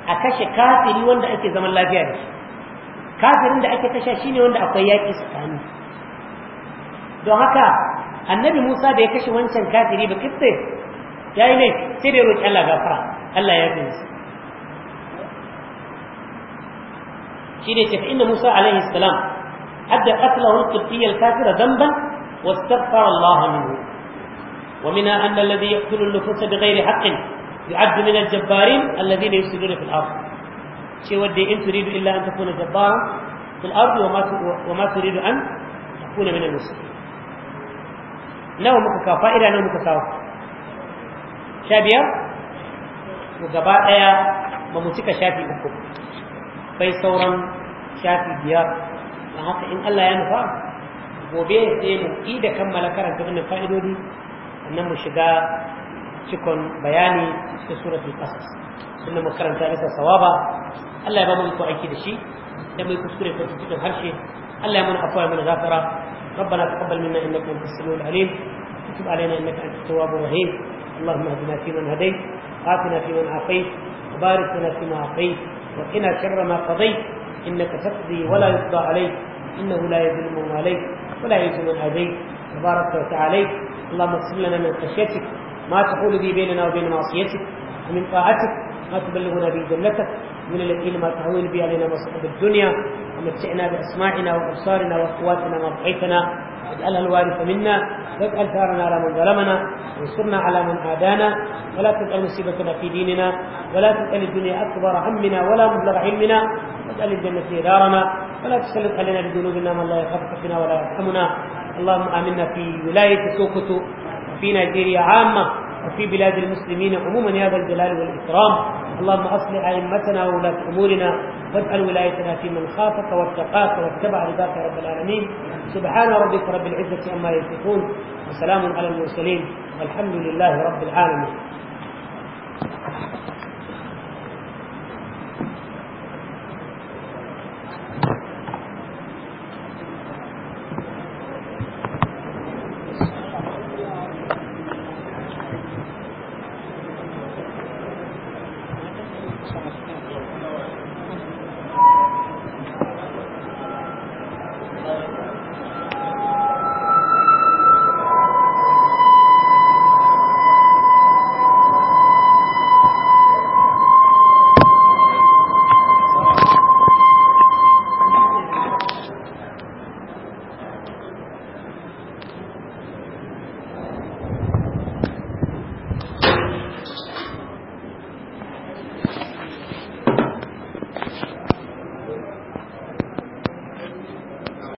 a kashe kafiri wanda ake zaman lafiya da shi kafirin da ake kashe shine wanda akwai yaƙi tsakani don haka annabi Musa da ya kashe wancan kafiri ba kitse yayi ne sai da roƙi Allah gafara Allah ya yi shi ne ce inna Musa alaihi salam حد قتله القبطي الكافر ذنبا واستغفر الله منه ومنها أن الذي يقتل النفوس بغير حق يعد من الجبارين الذين يفسدون في الأرض شيء ودي إن تريد إلا أن تكون جبارا في الأرض وما وما تريد أن تكون من المسلمين نوم كفاء إلى نوم كفاء شابيا وقباء ما مسك شافي أكو في شافي ديار a haka in Allah ya nufa gobe sai mu yi da kammala karanta wannan fa'idodi sannan mu shiga cikon bayani cikin suratul qasas sannan mu karanta bisa sawaba Allah ya ba mu iko aiki da shi da mai kuskure ko cikin harshe Allah ya mana afwa mana gafara ربنا تقبل منا انك انت السميع العليم وتب علينا انك انت التواب الرحيم اللهم اهدنا فيمن هديت وعافنا فيمن عافيت وبارك لنا فيما اعطيت وقنا شر ما قضيت إنك تقضي ولا يقضى عليك إنه لا يذل من عليك ولا يعز من هديك تبارك وتعالى اللهم اغفر لنا من خشيتك ما تحول به بيننا وبين معصيتك ومن طاعتك ما تبلغنا به جنتك من الذين ما تهون به علينا مصائب الدنيا ومتعنا باسماعنا وابصارنا وقواتنا ما واجعلها الوارث منا واجعل ثارنا على من ظلمنا وانصرنا على من عادانا ولا تجعل مصيبتنا في ديننا ولا تجعل الدنيا اكبر همنا ولا مبلغ علمنا واجعل الجنه دارنا ولا تسلط علينا بذنوبنا من لا يخافك فينا ولا يرحمنا اللهم امنا في ولايه سوكوتو في نيجيريا عامه وفي بلاد المسلمين عموما يا ذا الجلال والإكرام اللهم أصلح أئمتنا وولاة أمورنا واجعل ولايتنا في من خافك واتقاك واتبع رضاك رب العالمين سبحان ربك رب العزة عما يصفون وسلام على المرسلين والحمد لله رب العالمين